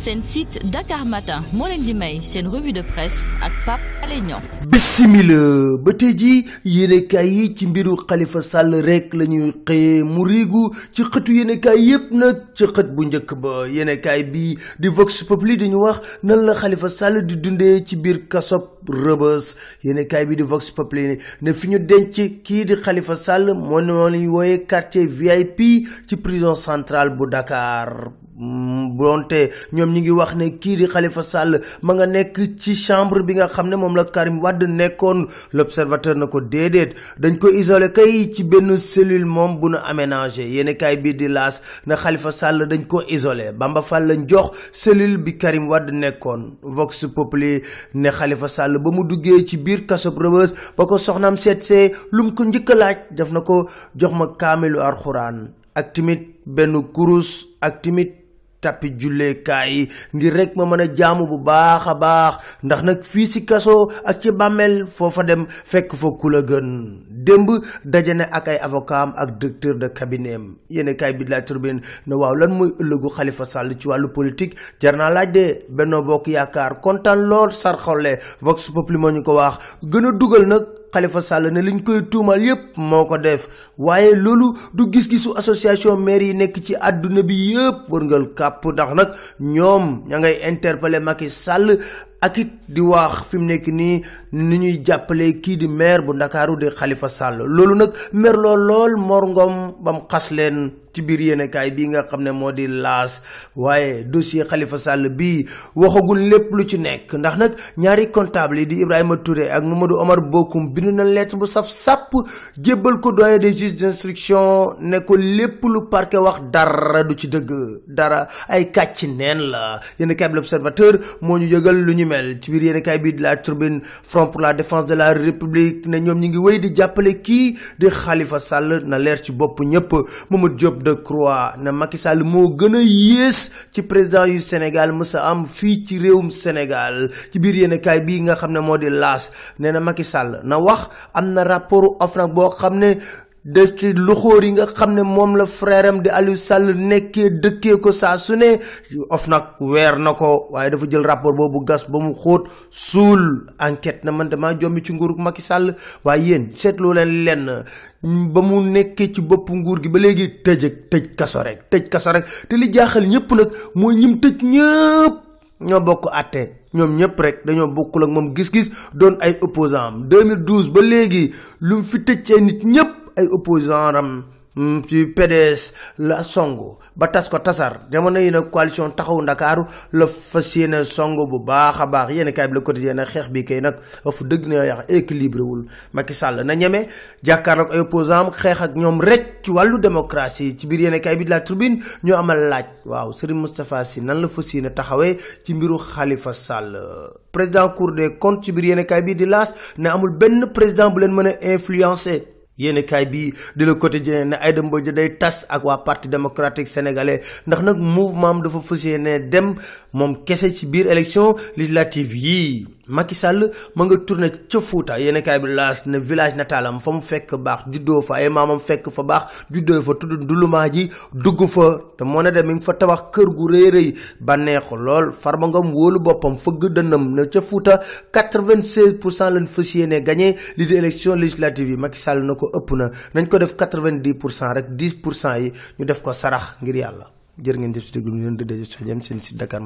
seen site Dakar Matin moo leen di may seen revue de presse ak Pape Alé Niang bisimila ba tey ji yéenekaay yi ci mbiru xalifa Sall rek la ñuy xëyee mu riigu ci xëtu yéenekaay yépp nag ci xët bu njëkk ba yéenekaay bi di Vox Populi dañu wax nan la xalifa Sall di dundee ci biir kasob Rebeuss yenekaay bi di Vox Populi ne fi ñu denc kii di xalifa Sall moo ne moo lañu wooyee quartier VIP ci prison centrale bu Dakar bonte ñoom ñi ngi wax ne kii di xalifa sàll ma nga nekk ci chambre bi nga xam ne moom la Karim Wade nekkoon l'observateur na ko déedéet dañ ko isolé kay ci benn cellule moom bu nu aménagé yéen kaay bii di laas na xalifa sàll dañ ko isolé Bamba Fall lañ jox cellule bi Karim Wade nekkoon Vox Populi ne xalifa sàll ba mu duggee ci biir kaso Rebeuss ba ko soxnaam seet see lu mu ko njëkk laaj def na ko jox ma kaamilu alxuraan ak timit benn kurus ak timit tapi julleekaay yi ngir rek ma mën a jaamu bu baax a baax ndax nag fii si kaso ak ci bàmmeel foofa dem fekk fa kul a gën démb daje na ak ay avocat am ak directeur de cabinet am yéen kaay bi la turbine ne waaw lan mooy ëllëgu xalifa sàll ci wàllu politique jar naa laaj de Benno Bokk Yaakaar kontaan lool sarxolle Vox Populi moo ñu ko waax gën a dugal nag Khalifa Sall ne liñ koy tuumaal yépp moo ko def waaye loolu du gis-gisu association maire yi nekk ci àdduna bi yépp wërngal kàpp ndax nag ñoom ña ngay interpeller Macky Sall ak it di waax fi mu nekk nii ni ñuy jàppale kii di maire bu ndakaaru di xalifa Sall loolu nag maire lool lool Mor Ngom ba mu xas leen ci biir yéenekaay bii nga xam ne moo di laas waaye dossier xalifa Sall bi waxagul lépp lu ci nekk ndax nag ñaari comptable yi di Ibrahima Touré ak Mamadou Omar Bokum bind na lettre bu saf sàpp jébbal ko doyen des juges d'instruction ne ko lépp lu parquet wax dara du ci dëgg dara ay kàcc neen la yéenekaay bi l'Observateur moo ñu mel ci biir yéenekaay bi de la Tribune pour la défense de la République ne ñoom ñi ngi wéy di jàppale kii di Khalifa Sall na leer ci bopp ñëpp Mamadou de Decroix ne Macky Sall moo gën a yées ci président yu Sénégal mësa am fii ci réewum Sénégal ci biir yéenekaay bi nga xam ne moo di laas nee na Macky Sall na wax am na rapport OFNAC boo xam ne def ci loxoor yi nga xam ne moom la frère am di Aliou Sall nekkee dëkkee ko saa su ne of nag weer na ko waaye dafa jël rapport boobu gas ba mu xóot suul enquête na man damaa jommi ci nguurug Macky sàll waaye yéen seetloo leen lenn ba mu nekkee ci bopp nguur gi ba léegi tëj ak tëj kaso rek tëj kaso rek te li jaaxal ñëpp nag mooy ñim tëj ñëpp ñoo bokk àtte ñoom ñëpp rek dañoo bokkul ak moom gis-gis doon ay opposants 2012 ba léegi lu mu fi tëj ci ay nit ñëpp. ay opposant ram mm, ci PDS la songu ba tas ko tasar jamono yi nag coalition taxawu ndakaaru la fas yéene songu bu baax a baax yéen kaay bi la quotidien nag xeex bi kay nag fu dëgg na yax équilibré wul Macky Sall na ñeme jàkkaarloog ay opposant am xeex ak ñoom rek ci wàllu démocratie ci biir yéen bi de la tribune ñoo amal laaj waaw Serigne Moustapha nan la fas yéene taxawee ci mbiru Khalifa Sall président cour des comptes ci biir yéen kaay bi di laas ne amul benn président bu leen mën a influencer yéenekaay bi di Le Quotidien ne Aïda Mbodj day tas ak waa parti démocratique sénégalais ndax nag mouvement am dafa fas yéene dem moom kese ci biir élection législative yii. Macky Sall ma nga tourné ca Fouta yéen kaay bi laas ne village nataalam fa mu fekk baax juddoo fa ay maamam fekk fa baax juddoo fa du ndulumaa ji dugg fa te moo ne de mi fa tabax kër gu rëy rëy bànneexu lool Farba Ngom wóolu boppam fëgg dënnam ne ca Fouta 96 pour cent lañ fas yéene gagné li di yi Macky na ko ëpp na nañ ko def 90 pour cent rek 10 pour cent yi ñu def ko sarax ngir yàlla jërë ngeen jëf si déglu ñu leen dëddee soo jëm seen site dakar